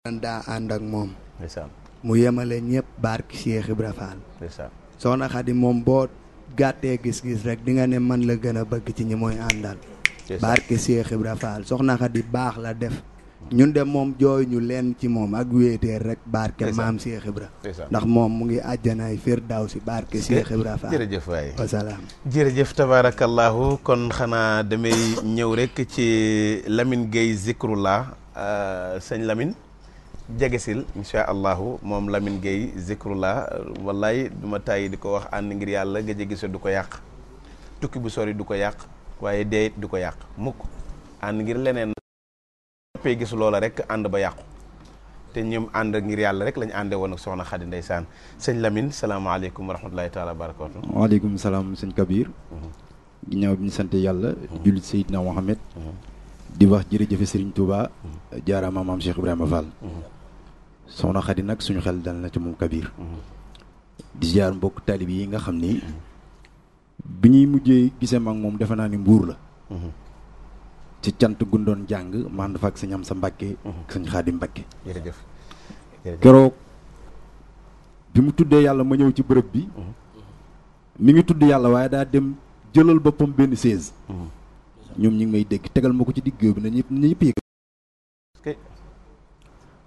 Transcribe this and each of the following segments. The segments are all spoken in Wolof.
daa ànd ak moom mu yemale ñëpp barki Cheikh Ibra Fall soxna Xadi moom boo gàttee gis-gis rek di nga ne man la gën a bëgg ci ñi mooy àndal barki Cheikh Ibra Fall soxna Xadi baax la def ñun de moom jooy ñu leen ci moom ak wéeteer rek barke maam Cheikh Ibra ndax moom mu ngi àjjanaay firdawsi si Cheikh Ibra Fall jërëjëf waay wasalaam jërëjëf tabarakallahu kon xanaa demee ñëw rek ci Lamine Gueye Zikrullah euh, sëñ lamin jegesil incha allahu moom lamin Gueye zikrullah wallaay du ma tàyyi di ko wax ànd ngir yàlla nga jege si du ko yàq tukki bu sori du ko yàq waaye deeyit du ko yàq mukk ànd ngir leneen noppee gis loola rek ànd ba yàqu te ñoom ànd ngir yàlla rek lañ àndee woon ak soxna Xadi ndeysaan sëñ Lamine salaamaaleykum wa rahmatulahi taala wa barakatu waaleykum salaam sëñ Kabir mhm. ginnaaw bi ñu sant yàlla mhm. jullit Seydina Mohamed mhm. di wax jërëjëfe Serigne Touba jaaraama maam Cheikh Ibrahima Fall soxna Xadi nag suñu xel dal na ci moom Kabir. Mm-hmm. di ziar mbokk taalib yi nga xam ni bi ñuy mujjee gisee mag moom defe naa ni mbuur la. Mm-hmm. ci cant gundoon jàng mand fa ak sëñ am sa Mbàkke. ak mm-hmm. sëñ Xaadim Mbàkke. keroog bi mu tuddee yàlla ma ñëw ci bërëb bi. mi ngi tudd yàlla waaye daa dem jëlal boppam benn seize. ñoom ñu ngi may dégg tegal ma ko ci digg bi na ñëpp ñëpp yëg.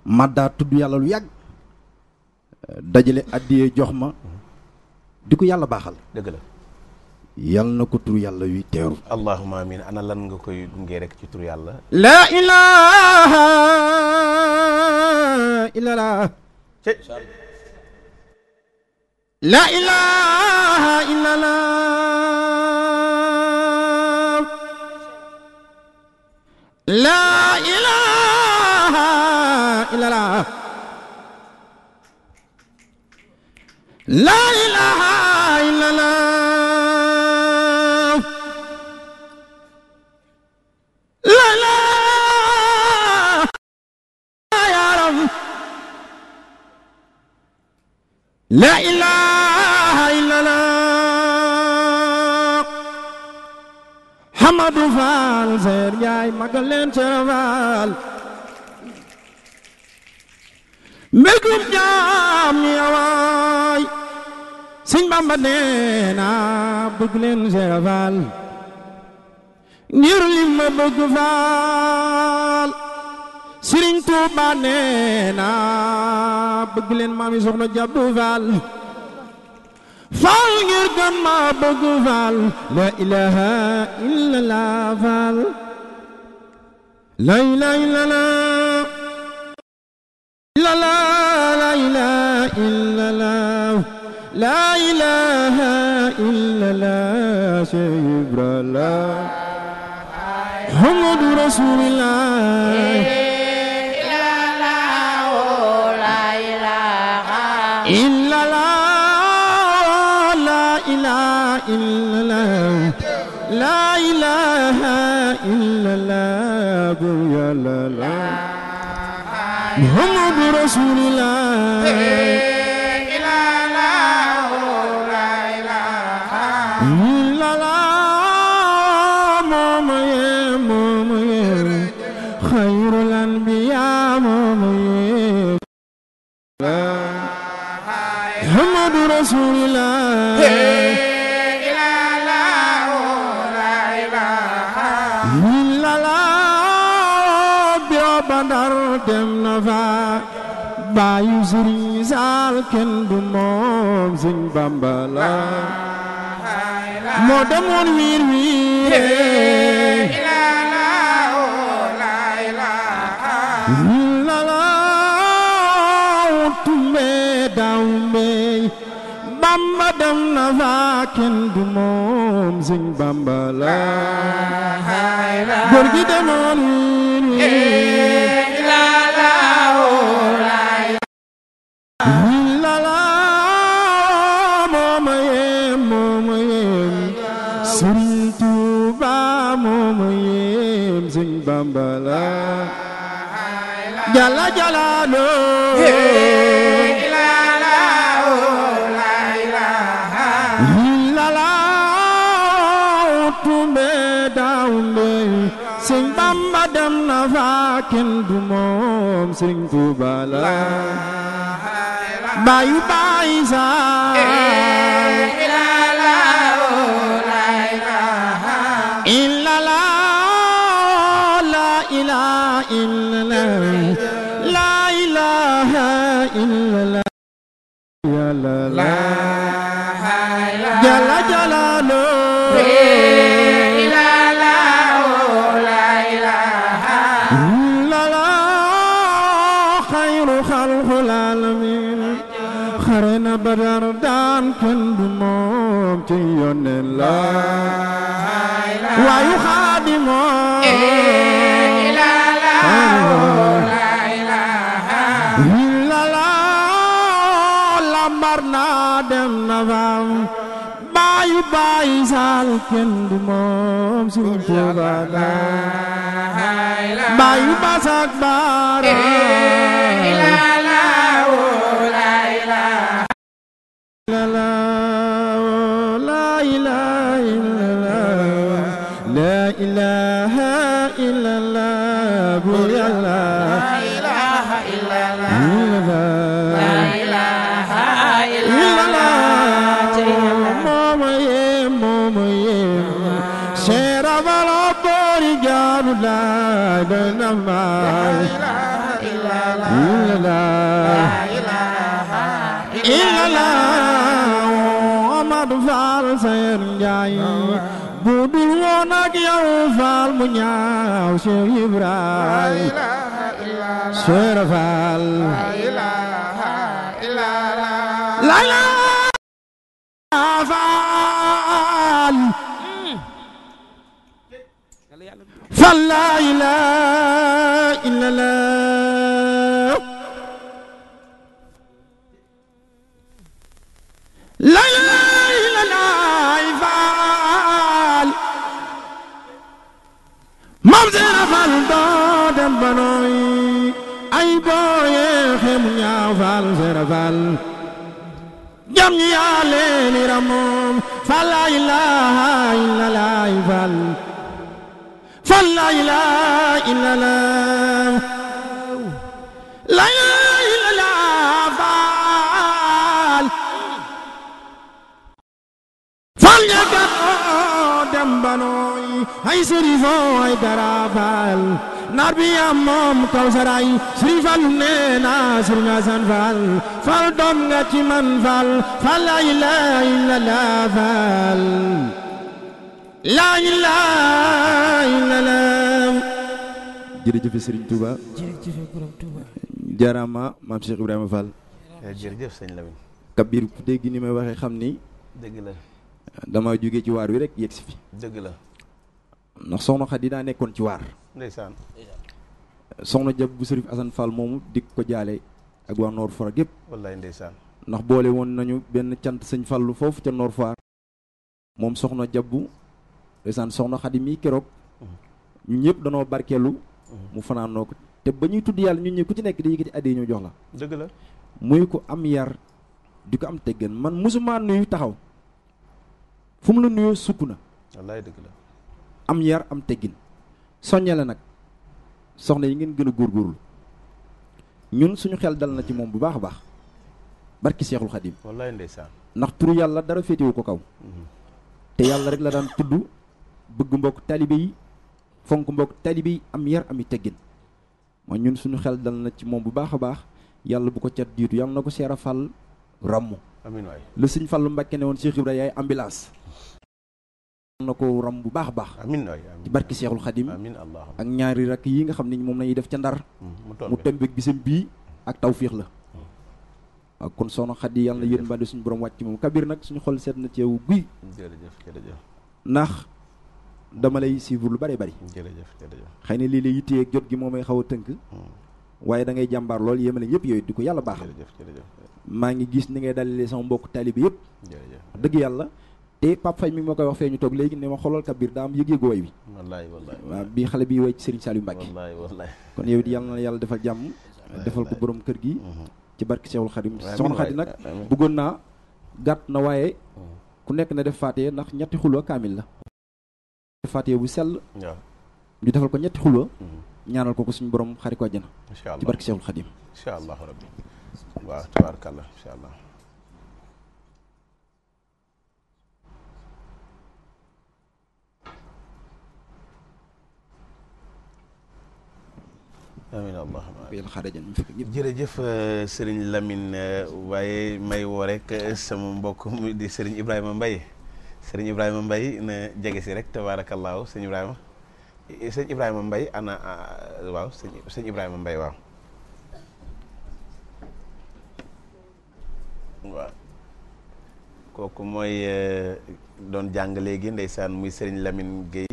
maddaa tudd yàlla lu yàgg dajale àddiyee jox ma di ko yàlla baaxal dëgg la yàlla na ko tur yàlla yuy teeru laa ilaha illallah إلا الله لا إله إلا الله لا إله يا رب لا إله إلا الله حمد فال زير جاي مقلن شرفال mbégum jaam ya waay sëñ Bamba nee na bëgg leen ngir li ma bëgg Fall Sëriñ Tuuba nee na bëgg leen maam yi soxna Jabdu Fall ngir gën ma bëgg Fall la ilaha illallah Fall la ilaha illallah ilaha illallah Cheikh Ibra la Muhammadu Rasulullah La ilaha illallah ya la la Muhammadu Rasulullah محمد رسول الله لا إله إلا الله بدر dem na fa bàyyi Sëriñ Saal kenn du moom Sëriñ Bamba la moo demoon wiir wiir محمدا لكن بموم زين بامبا لا غورغي دماني لا لا لا لا موم يم موم يم سرين توبا موم يم زين بامبا لا جلا جلا لو لا dem na faa kenn du moom sëriñ Tuuba la bayu bayi saay eh, la la oh, waayu xaadimoo ilala lambar naa dem na faam baayu baayu saal kenn du moom Sëriñ Tuuba baayu basak baara ابن ما إلا الله إلا الله أمد فار سير جاي budul woon ak yow faal mu ñaaw Cheikh Ibrahim Cheikh Faal la ilaha illallah man laa ilaaha illallaah laa ilaaha illallaah faal maam Seera Faal ay booye xemu ñaaw Faal Seera Faal jam yaa leen ramoom faal laa ilaaha illallaah faal fan laa ilaaha illallaah faal faal ña gàddoo dem ba nooy ay sëriñ dara faal naar bi am moom kaw saray sëriñ faal nee naa sëriñ Asan faal faal doom nga man faal faal laa ilaaha illallaah faal laa ilaaha illallaah jërëjëf Serigne Touba jërëjëf Borom Touba jaaraama maam Cheikh Ibrahima eh, sëñ Lamine Kabir ku dégg ni may waxee xam ni dëgg la dama jóge ci waar wi rek yegg si fi dëgg la ndax soxna Xadi daa nekkoon ci waar ndeysaan soxna jab bu Sërif Assane Fall moomu di ko jaale ak waa Noor Foire gépp wallaay ndax boole woon nañu benn cant sëñ Fallu foofu ca Noor Foire moom soxna jabbu ndeysaan soxna Xadi mii keroog ñu ñëpp danoo barkeelu mu fanaanoo ko te ba ñuy tudd yàlla ñu ñëpp ku ci nekk di yëkkati addi ñu jox la dëgg la muy ko am yar di ko am teggin man musuma nuyu taxaw fu mu la nuyoo sukk na wallaay dëgg la am yar am teggin soññale nag soxna yi ngeen gën a góorgóorlu ñun suñu xel dal na ci moom bu baax a baax barki seexul xadim wallaay ndeysaan ndax turu yàlla dara féetewu ko kaw mhm. te yàlla rek la daan tudd bëgg mbokk taalibe yi fonk mbokk taalibe yi am yar ami teggin mooy ñun suñu xel dal na ci moom bu baax a baax yàlla bu ko cat diitu yàlla na ko seer a fàll ràmm amiin waay la sëñ Fallu Mbàkke ne woon Cheikh Ibra yaay ambulance na ko ram bu baax a baax amiin waay ci barki Seexul Xadim amiin Allah ak ñaari rakk yi nga xam ne moom lañuy def ca ndar mm, mu tombeeg bisam bii ak tawfiix la mm. waaw kon soxna Xadi yàlla na yéen mbaa suñu borom wàcc moom kabir nag suñu xol seet na ci yow guy ndax dama lay suivre lu bëree bëri. jërëjëf jërëjëf xëy na léeg ak jot gi moo may xaw a tënk. Hmm. waaye da ngay jàmbaar lool yéemale ñëpp yooyu di ko yàlla baaxal. maa ngi gis ni ngay dalalee sama mbokk taalibe yëpp. dëgg yàlla te Pape Faye mi ma koy wax fee ñu toog léegi ne ma xoolal Kabir daa am yëg-yëgu way bi. wallaay wallaay xale bi way ci Serigne Saliou Mbacke. wallaay wallaay kon yow it yàlla na yàlla defal jàmm. defal ko borom kër gi. Hmm. ci barke Cheikhul Khadim soxna Khady nag bëggoon naa gàtt na waaye hmm. ku nekk na def faatee ndax ñetti xulwa kaamil la faatiha bu sell ñu defal ko ñetti xulwa ko mm-hmm. ko suñu borom xari ko àjjana ci barki Seexul allah jërëjëf euh, Serigne Lamine euh, waaye may woo rek euh, sama mbokk mi di Serigne Ibrahima mbay sëriñ Ibrahima mbay na jege si rek tabaarakallaahu sëñ Ibrahima eh, sëñ Ibrahima Mbaye ana ah, waaw sëñ Ibrahima Mbaye waaw. waaw kooku mooy eh, doon jàng léegi ndeysaan muy sëriñ lamin Guèye.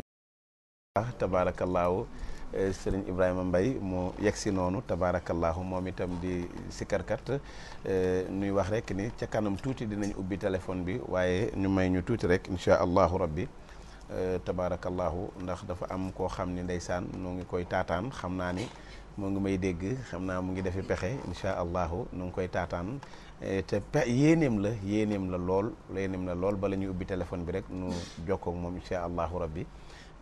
waaw Eh, sëriñ Ibrahima mbay mu yegg si noonu tabaarakallahu moom itam di sikarkat eh, nuy wax rek ni ca kanam tuuti dinañ ubbi téléphone bi waaye ñu may ñu tuuti rek incha allahu rabbi eh, tabaarakallahu ndax dafa am koo xam ni ndeysaan noo ngi koy taataan xam naa ni moo ngi may dégg xam naa mu ngi defi pexe incha allahu nu ngi koy taataan te pe yéeneem la yéeneem la lool yéeneem la lool bala ñuy ubbi téléphone bi rek nu jokkoog moom incha allahu rabbi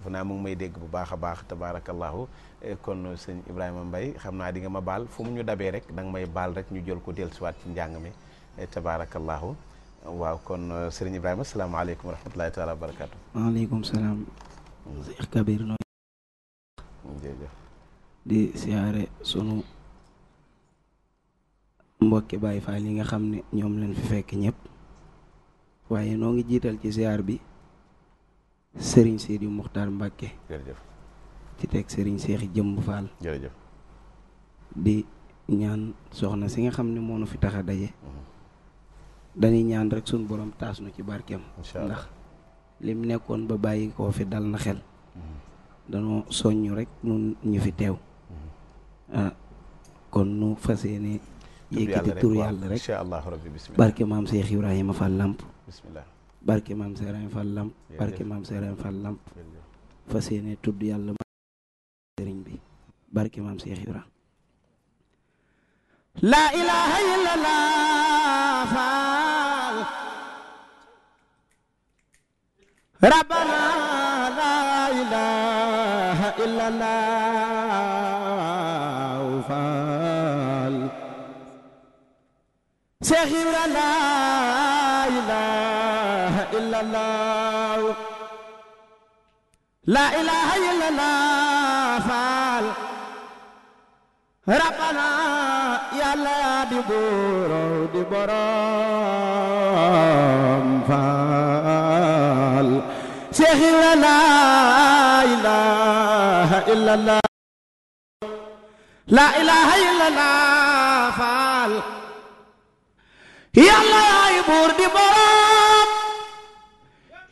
fu naa mu ngi may dégg bu baax a baax tabaarakallahu eh, kon sëñ Ibrahima mbay xam naa di nga ma baal fu mu ñu dabee rek da nga may baal rek ñu jël ko dellusiwaat ci njàng mi eh, tabaarakallahu waaw kon eh, sëriñ Ibrahima salaamaaleykum wa rahmatulahi taala wa barakaatu. waaleykum salaam. Seex Kabir noo jërëjëf di siyaare sunu mbokki Baay Faal yi nga xam ne ñoom leen fi fekk ñëpp waaye noo ngi jiital ci siyaar bi. sëriñ Seydi Muxtaar Mbàkke ci teg sëriñ Seexi Jëmb Faal di ñaan soxna si nga xam ne moo nu fi tax a daje mhm. dañuy ñaan rek suñ boroom taas nu ci barkem ndax lim nekkoon ba bàyyi koo fi dal na xel mhm. dañoo soññ rek nun ñu fi teew mhm. ah, kon nu fas yéene yëkkati tur yàlla rek barke maam Seex Ibrahima Fall Lamp bismillah barke maam Serigne Fall barke maam Serigne Fall Lamp fas yéene tudd yàlla ma sëriñ bi barke maam la ilaha illallah faal rabbana la ilaha illallah la ilaha illallah faal rabbana yàlla di buuroo di boroom faal seexi la ilaha illallah la ilaha illallah faal yàlla yaay buur di boroom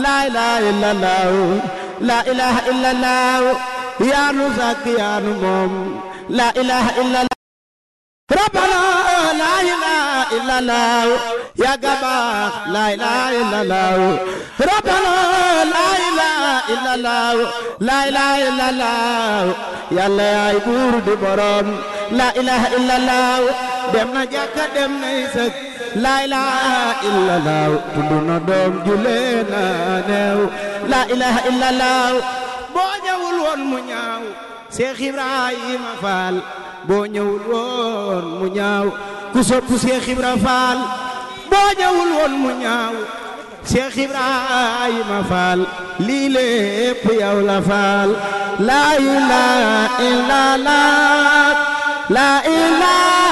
laa ilaaha illallah laa ilaaha illallah yaanu sàkk yaanu moom laa ilaaha illallah rabbana laa ilaaha illallah yaa gabaax laa ilaaha illallah rabbana laa ilaaha illallah laa ilaaha illallah yàlla yaay buur di boroom laa ilaaha illallah dem na jàkka dem na isëg la ilaha illallah tudd na doom ju leen a neew la ilaha illallah boo ñëwul woon mu ñaaw Seex Ibrahima Faal boo ñëwul woon mu ñaaw ku sopp Seex Ibra Faal boo ñëwul woon mu ñaaw Seex Ibrahima Faal lii lépp yow la Faal la ilaha illallah la ilaha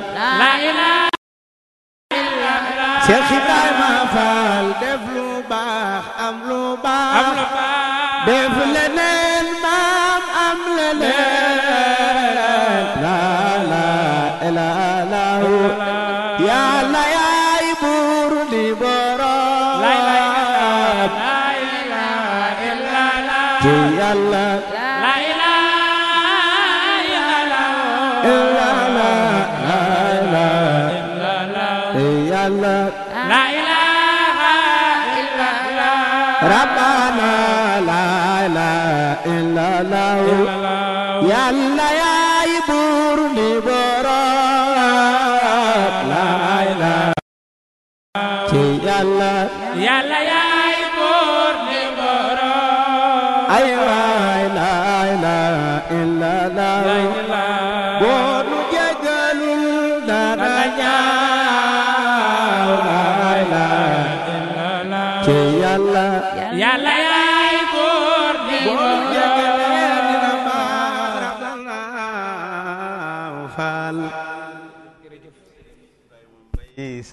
la ilaha illallah Cheikh Ibrahima Fall def lu baax am lu baax def leneen maam am leneen la la ilaha illallah yàlla yaay buur di boroom la ilaha illallah yàlla إلا الله يا الله يا يبور براد لا إله يا الله يا الله يا يبور براد أيوة لا إله إلا الله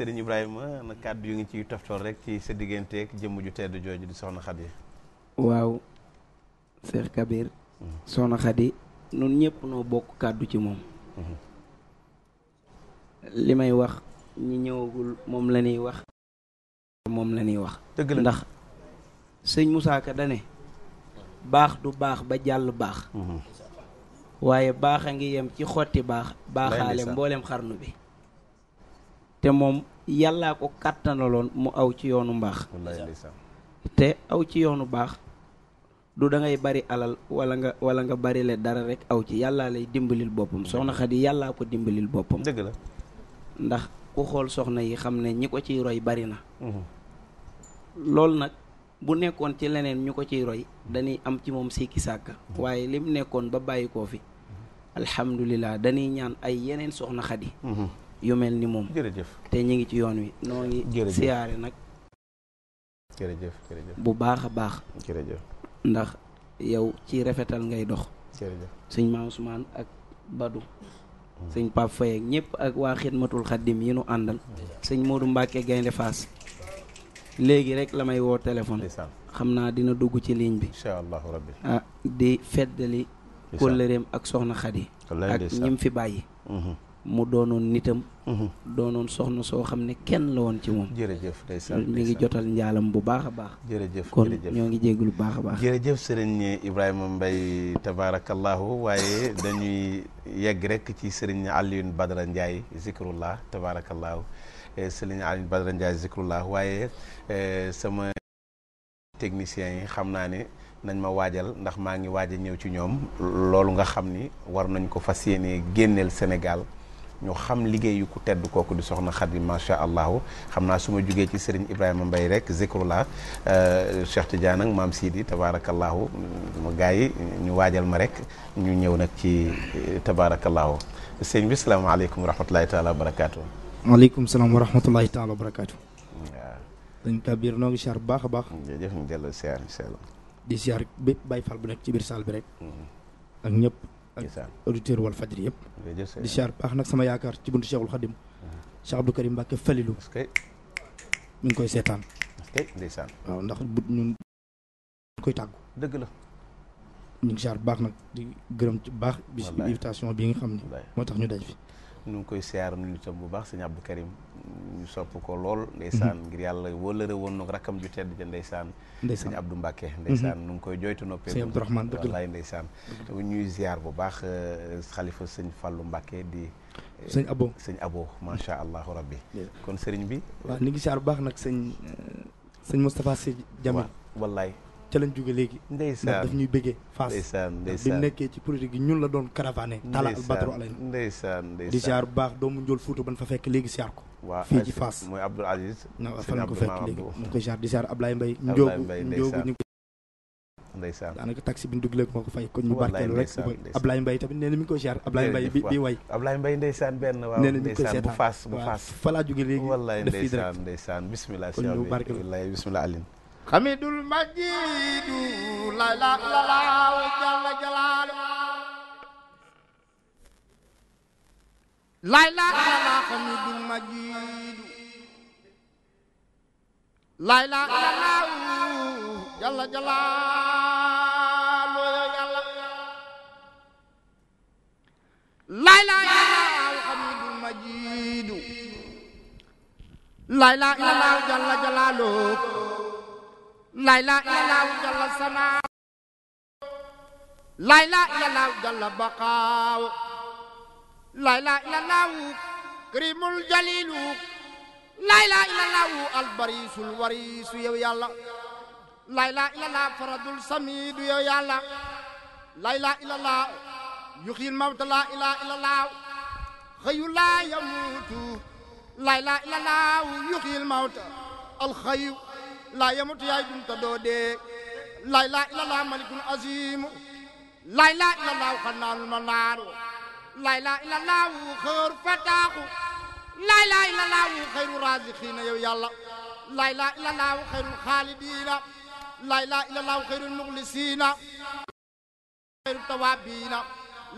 Serigne Ibrahima na kàddu yu ngi ciy toftool rek ci sa digganteeg jëmm ju tedd jooju di Soxna Xadi. waaw Cheikh Kabir. Hmm. Soxna Xadi nun ñëpp noo bokk kàddu ci moom. Hmm. li may wax ñëwagul moom la ñuy wax. moom wax. dëgg ndax sëñ Moussa Ka da baax du baax ba jàll baax. Hmm. waaye baax a ngi yem ci xotti baax. baaxaale mboolem xarnu bi. te moom yàllaa ko kàttanaloon mu aw ci yoonu mbaax te aw ci yoonu baax du dangay bari alal wala nga wala nga bari le dara rek aw ci yàllaa lay dimbalil boppam soxna Xadi yàllaa ko dimbalil boppam dëgg la ndax ku xool soxna yi xam ne ñi ko ciy roy bari na mhm. loolu nag bu nekkoon ci leneen ñu ko ciy dañuy am ci moom sikki sàkka mhm. waaye lim nekkoon ba bàyyi koo fi mhm. alhamdulilah dañuy ñaan ay yeneen soxna Xadi yu mel ni moom. jërëjëf te ñu ngi ci yoon wi. noo ngi siyaare nag. jërëjëf jërëjëf bu baax a baax. jërëjëf ndax yow ci rafetal ngay dox. jërëjëf sëñ Maam ak badu hmm. sëñ Pape Faye ak ñëpp ak waa xidmatul xaddim yi nu àndal. sëñ Modou Mbacke Gaynde Faas. léegi rek la may woo téléphone. xam naa dina dugg ci ligne bi. incha allahu rabbi ah, di feddali. kóllëreem ak soxna Xadi. ak ñim fi bàyyi. Hmm. mu doonoon nitam. Mhm. doonoon soxna soo xam ne kenn la woon ci moom. jërëjëf ndeysaan mi ngi jotal njaalam bu baax a baax. jërëjëf kon ñoo ngi jégalu bu baax a baax. jërëjëf sëriñ Ibrahima mbay tabaarakallahu waaye dañuy yegg rek ci sëriñ Alioune Badara Ndiaye zikrullah tabaarakallahu eh, sëriñ Alioune Badara Ndiaye zikrullah waaye eh, sama techniciens yi xam naa ne. nañ ma waajal ndax maa ngi waaj a ñëw ci ñoom loolu nga xam ni war nañ ko fas yéene génneel senegal ñu xam liggéeyu ku tedd kooku di soxna Xadi macha allahu xam naa su ma jugee ci Serigne Ibrahima mbay rek zikrullah euh, Cheikh Tidiane ak maam Sidi tabaarakallahu ma gaa yi ñu waajal ma rek ñu ñëw nag ci euh, tabaarakallahu sëñ bi salaamaaleykum wa rahmatulahi taala wa barakaatu. maaleykum salaam wa rahmatulahi taala wa barakaatu. waaw. dañ Kabir biir ngi siyaar bu baax a baax. jërëjëf ñu delloo siyaar incha allah. di siyaar bépp bay Faal bu nekk ci biir saal bi rek. Mm-hmm. ak ñëpp. ak auditeur wal fajri yëpp di siyaar baax nag sama yaakaar ci buntu Cheikhul Khadim uh-huh. Cheikh Abdou Karim Mbacke Falilou mi ngi koy seetaan ndeysaan waaw ndax bu ñun koy tàggu dëgg la ñu ngi siyaar baax nag di gërëm ci baax bi invitation bi nga xam ne moo tax ñu daj fi ñu ngi koy siyaar nu itam bu baax sëñ Abdou Karim ñu sopp ko lool ndeysaan mhm. ngir yàlla wóolëre woon nag rakkam ju tedd ja ndeysaan sëñ Abdou Mbacke ndeysaan mhm. nu ngi koy joytu noppee sëñ Abdourahmane dëgg la ndeysaan ñuy ziar bu baax euh, xalifa sëñ Fallou Mbacke di euh, sëñ abo sëñ abo macha allahu rabbi kon sëriñ bi waaw ni ngi ziar bu baax nag sëñ euh, sëñ Moustapha Sy wallaay ca lañ jóge léegi ndax daf ñuy bëggee Fass bi nekkee ci projet gi ñun la doon caravané tala albatro alay na di siyaar bu baax doomu njool fuuta ban fa fekk léegi siyaar ko fii ci Fass mooy Abdoul Aziz na fa lañ ko fekk léegi mu ko siyaar di siyaar Ablaye Mbaye njoogu tamit nee na mi ngi koy ziar Ablaye Mbaye bi bi way Ablaye Mbaye ndeysaan benn waaw nee bu faas bu faas fa laa jóge léegi wallaay ndeysaan ndeysaan bismillah kon ñu barkeelu wallaay bismillah Aline xamidul majidu la la la la jalla jalaal la la la la xamidul majidu la la la la jalla jalaal la la la xamidul majidu la la la la jalla jalaal la ilaha illallah jalla sanaa la ilaha illallah jalla baqaaw la ilaha illallah karimul jalilu la ilaha illallah albarisul warisu yow yàlla la ilaha illallah faradul samidu yow yàlla la ilaha illallah yuxil mawta la ilaha illallah xëyu laa yamuutu la ilaha illallah yuxil mawta alxayu laa yamutu yaay dund te doo dee laa ilaaha illallaah malikul aziim laa ilaaha illallaah xanaanul manaaru laa ilaaha illallaah xëru fataaxu laa ilaaha illallaah xayru raaziqiina yow yàlla laa ilaaha illallaah xayrul xaalidiina laa ilaaha illallaah xayrul muxlisiina xayru tawaabiina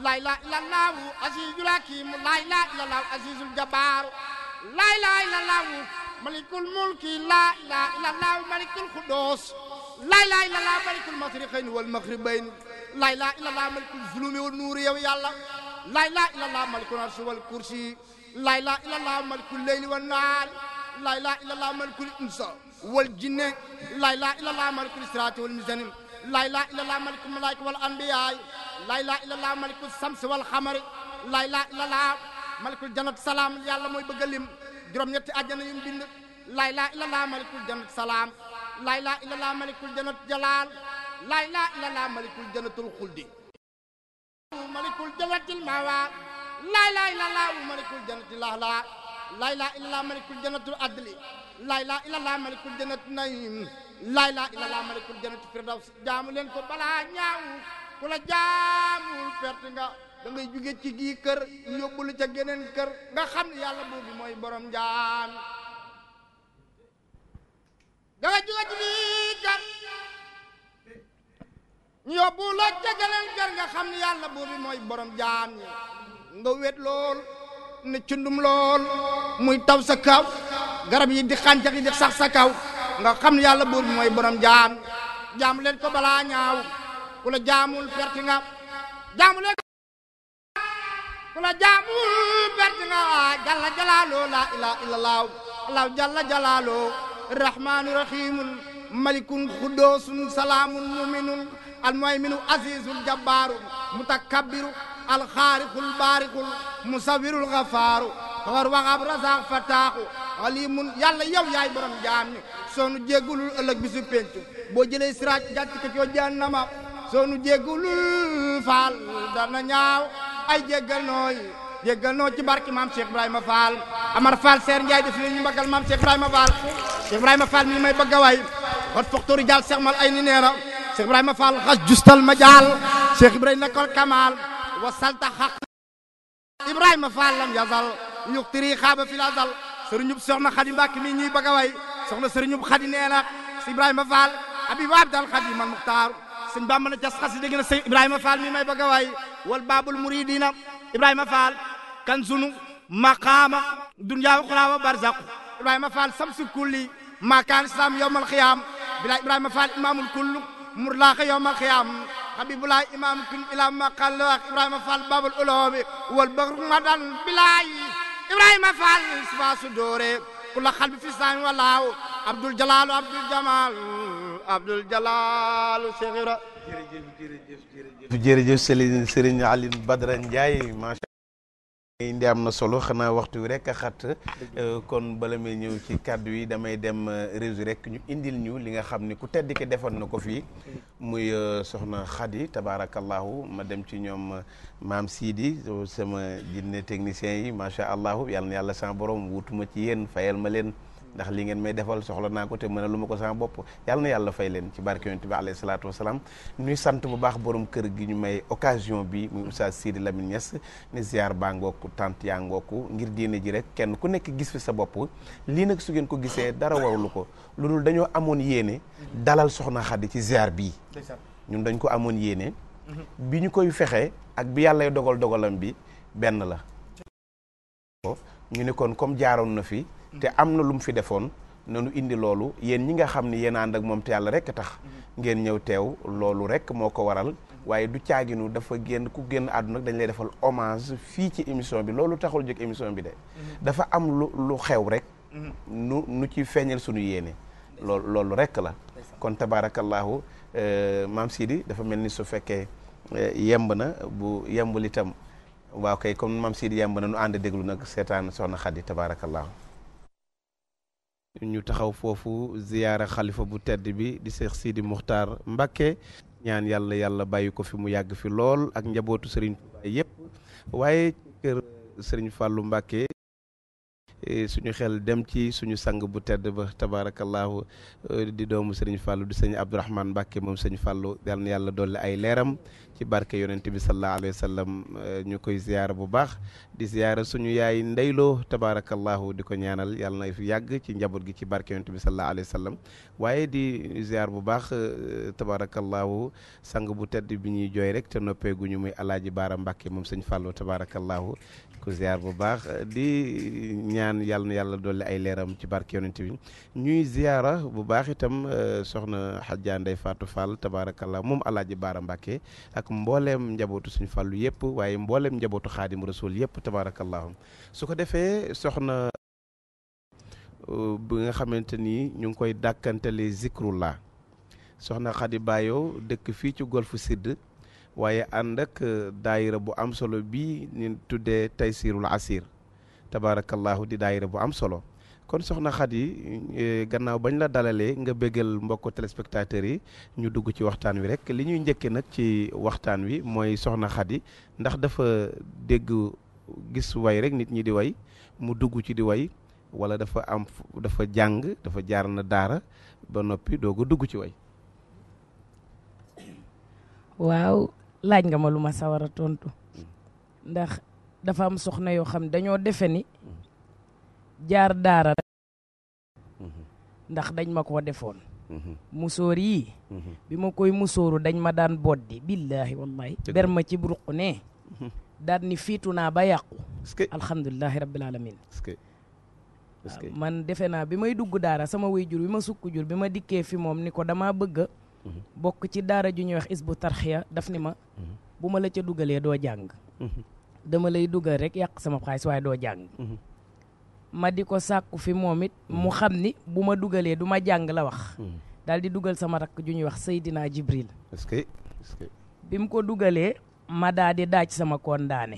laa ilaaha illallaah aziizul hakiim laa ilaaha malikul mulki laa ilaaha illallaah malikul xuddoos laa ilaaha illallaah malikul masrixayni wal maxribayni laa ilaaha illallaah malikul zulumi wa nuuri yow yàlla laa ilaaha illallaah malikul arsi wal kursi laa ilaaha illallaah malikul leyli wa nahaar laa ilaaha illallaah malikul insa wal jinne laa ilaaha illallaah malikul siraati wal mizaani laa ilaaha illallaah malikul malaayika wal anbiyaay laa ilaaha illallaah malikul samsi wal xamari laa ilaaha illallaah malikul jannat salaam yàlla mooy bëgg a juróom-ñetti a yu mu bind laa ilaaha illallaah malikul jannat salaam laa ilaaha illallaah malikul jannat jalaal laa ilaaha illallaah malikul jannatul xuldi laa ilaaha illallaah malikul jannatil ahlaa laa ilaaha illallaah malikul jannatul adli laa ilaaha malikul jannati naim laa ilaaha malikul jannati firdaws jaamu leen ko balaa ñaaw ku la jaamul perte da ngay jóge ci gii kër yóbbu la ca geneen kër xam ne yàlla boobu mooy borom jaam da ngay jóge yóbbu la ca geneen kër nga xam ne yàlla boobu mooy borom jaam ñi nga wet lool ne cundum lool muy taw sa kaw garab yi di xàncax yi di sax sa kaw nga xam ne yàlla boobu mooy borom jaam jaam leen ko balaa ñaaw wala jaamul perte nga jaamu leen ku la jaamu perte nga jalla jalaaloo laa ilaaha illallaahu allahu jalla jalaaloo rahmaanu rahiimun malikun xuddoosun salaamun almuhayminu asiisul jabbaaru mutakabbiru alxaariqul baariqul musawirul xafaaru xawar waxab rasax fataaxu alimun yàlla yow yaay borom jaam soo nu jéggulul ëllëg bi su péntu boo jëlee siraat jàtt ko ci jahannama soo nu jéggulul faal dana ñaaw ay jéggal nooy jéggal noo ci barki maam Cheikh Ibrahima Fall Amar Fall Seer Njaay def leen ñu maam Cheikh Ibrahima Fall Cheikh Ibrahima Fall mi a way wat foxtoori ay ni neera Cheikh Ibrahima Fall xas justal ma jaal Cheikh Ibrahima kol kamal wa salta xaq Ibrahima Fall lam yazal yuxtiri xaaba fi la mi ñuy bëgg a way soxna sëriñub Xadi nee na Ibrahima Fall abi waab dal Xadi man muxtaar sëñ bàmba na cas xasida gën a sëñ ibrahima mi may bëgg a wal babul muridina ibrahima fall kan sunu maqaama dunya wa uxraa wa barzaq ibrahima fall samsu kulli makaan islam yowmal xiyaam bila ibrahima fall imaamul kullu murlaaqa yowmal xiyaam habibullah imam kun ila maqal wax ibrahima fall babul uloobi wal bëgru bilaay ibrahima fall sufaa doore ku la fi saan walaaw abdul jalaalu abdul jamaal Abdul Jalaal Sexira. jërëjëf jërëjëf jërëjëf jërëjëf Serigne Serigne Alioune Badara Ndiaye macha allah. indi am na solo xanaa waxtu rek a euh, kon bala may ñëw ci kàddu yi damay dem euh, réseau rek ñu indil ñu li nga xam ni ku tedd ki defoon na ko fii. muy euh, soxna Khady tabaarakallahu ma dem ci ñoom maam Sidi sama jinne technicien yi macha allah yal na yàlla sama borom wutuma ci yenn fayal ma leen. ndax li ngeen may defal soxla naa ko te mën a lu ma ko sama bopp yàlla na yàlla fay leen ci barke yonent bi alayhi salaatu wasalaam ñuy sant bu baax boroom kër gi ñu may occasion bi muy oustaz Sidi Lamine Niass ne ziar baa ngooku tant yaa ngooku ngir diine ji rek kenn ku nekk gis fi sa bopp lii nag su ngeen ko gisee dara warulu ko lu dul dañoo amoon yéene dalal soxna Xadi ci ziar bii ñun dañ ko amoon yéene mhm. bi ñu koy fexe ak bi yàllay dogal dogalam bi benn la ñu ne kon comme jaaroon na fi te am na lu mu fi defoon nanu indi loolu yéen ñi nga xam ni yéen ànd ak moom te yàlla rek tax ngeen ñëw teew loolu rek moo ko waral waaye du caaginu dafa génn ku génn àdduna dañ lay defal hommage fii ci émission bi loolu taxal jóg émission bi de dafa am lu lu xew rek nu nu ci feeñal suñu yéene loolu loolu rek la kon tabaarakallaahu euh, maam Sidi dafa mel ni su fekkee euh, yemb na bu yembul itam waaw kay comme maam yemb na nu ànd déglu nag seetaan soxna Xadi ñu taxaw foofu ziyaara xalifa bu tedd bi di Seex Sidi Muxtaar Mbakke ñaan yàlla yàlla bàyyi ko fi mu yàgg fi lool ak njabootu Serigne Touba yëpp waaye kër Serigne Fallou Mbakke Eh, suñu xel dem ci suñu sang bu tedd ba tabaarakallaahu eh, di doomu sëriñ Fallou di sëñ Abdourahman Mbacke moom sëñ Fallou yal na yàlla dolli ay leeram ci barke yonent bi sallallahu alayhi wa sallam eh, ñu koy ziyaara bu baax di ziyaara suñu yaay ndeyloo tabaarakallaahu di ko ñaanal yàlla na fi yàgg ci njaboot gi ci barke yonent bi sallallahu alayhi wa sallam waaye di ziyaar bu baax tabaarakallaahu sang bu tedd bi ñuy jooy rek te ñu muy alaaji Baara Mbacke moom sëñ Fallou tabaarakallaahu ko ziar bu baax di ñaan yàlla na yàlla dolli ay leeram ci barke yonent bi ñuy ziara bu baax itam euh, soxna Hadja Ndeye Fatou Fall tabaarakallah moom alaaji Baara Mbàkke ak mbooleem njabootu suñu fàllu yëpp waaye mbooleem njabootu xaadim rasul yëpp tabaarakallah su ko defee soxna euh, bi nga xamante ni ñu ngi koy dàkkantale zikrullah soxna Xadi Bayo dëkk fii ci golfu Sidd waaye ànd ak euh, daayira bu am solo bii ñu tuddee taysirul asir tabaarakallaahu di daayira bu am solo kon soxna xat yi euh, gannaaw bañ la dalalee nga bégal mbokk téléspectateurs yi ñu dugg ci waxtaan wi rek li ñuy njëkkee nag ci waxtaan wi mooy soxna xat ndax dafa dégg gis way rek nit ñi di way mu dugg ci di way wala dafa am dafa jàng dafa jaaral na daara ba noppi doog dugg ci way waaw laaj nga ma lu ma sawar a tontu ndax dafa am soxna yoo xam dañoo defe ni jaar daara ndax dañ ma ko defoon musóor yii bi ma koy musóoru dañ ma daan boddi billaahi wallahi ber ma ci bruq ne daal ni fiitu naa ba yàqu alhamdulilahi rabbil alamin man defe naa bi may dugg daara sama wéy jur bi ma sukk jur bi ma dikkee fi moom ni ko damaa bëgga bokk ci daara ju ñuy wax isbu tarxiya daf ni ma bu ma la ca dugalee doo jàng dama lay dugal rek yàq sama xaalis waaye doo jàng ma di ko sàkku fi moom it mu xam ni bu ma dugalee du ma jàng la wax daal di dugal sama rakk ju ñuy wax Seydina Jibril est que bi mu ko dugalee ma daa di daaj sama kondaane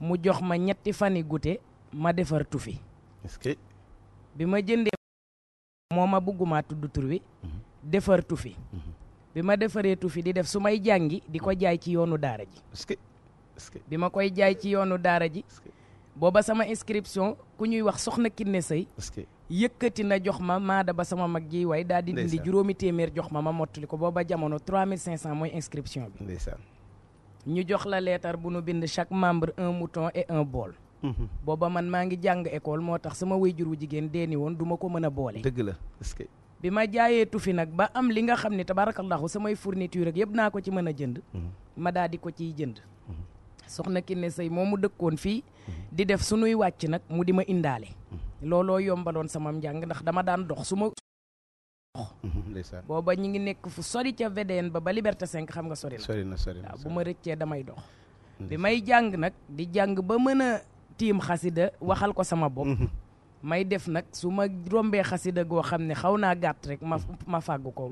mu jox ma ñetti fani gute ma defar tufi bi ma jëndee moo ma bëgguma tudd wi defar fi mhm. bi ma defaree tufi di def su may jàngi di ko mhm. jaay ci yoonu daara ji bi ma koy jaay ci yoonu daara ji booba sama inscription ku ñuy wax soxna Kiné Sey yëkkati na jox ma maada ba sama mag ji way daal di dindi juróomi téeméer jox ma ma mottili ko booba jamono 3500 mooy inscription bi ñu jox la leetar bu nu bind chaque membre un mouton et un bool mhm. booba man maa ngi jàng école moo tax sama waajur juru jigéen deeni woon duma ko mën a boole dëgg la bi ma jaayee tufi nag ba am li nga xam ne tabarakallahu samay fourniture ak yëpp naa ko ci mën a jënd mhm. ma daal di ko ciy jënd mhm. soxna Kiné moom mu dëkkoon fii mhm. di def su sunuy wàcc nag mu di ma indaale looloo yombaloon sama njàng ndax dama daan dox su ma booba ñu ngi nekk fu sori ca VDN ba ba Liberté 5 xam nga sori na sori na sori bu ma rëccee damay dox bi may jàng nag di jàng ba mën a tiim xasida waxal ko sama bopp may def nag su ma rombee xasida goo xam ne xaw naa gàtt rek ma ma fàggu ko